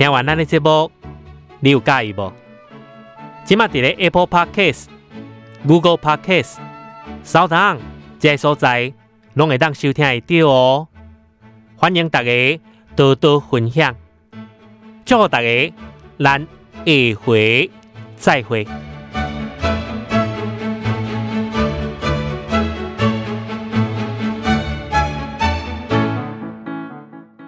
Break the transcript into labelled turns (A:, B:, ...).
A: 聽完呢個節目，你有介意無？即嘛喺 Apple Podcast、Google Podcast、Sound 等啲所在，攏會當收聽得到哦。歡迎大家多多分享，祝大家，咱下回再會。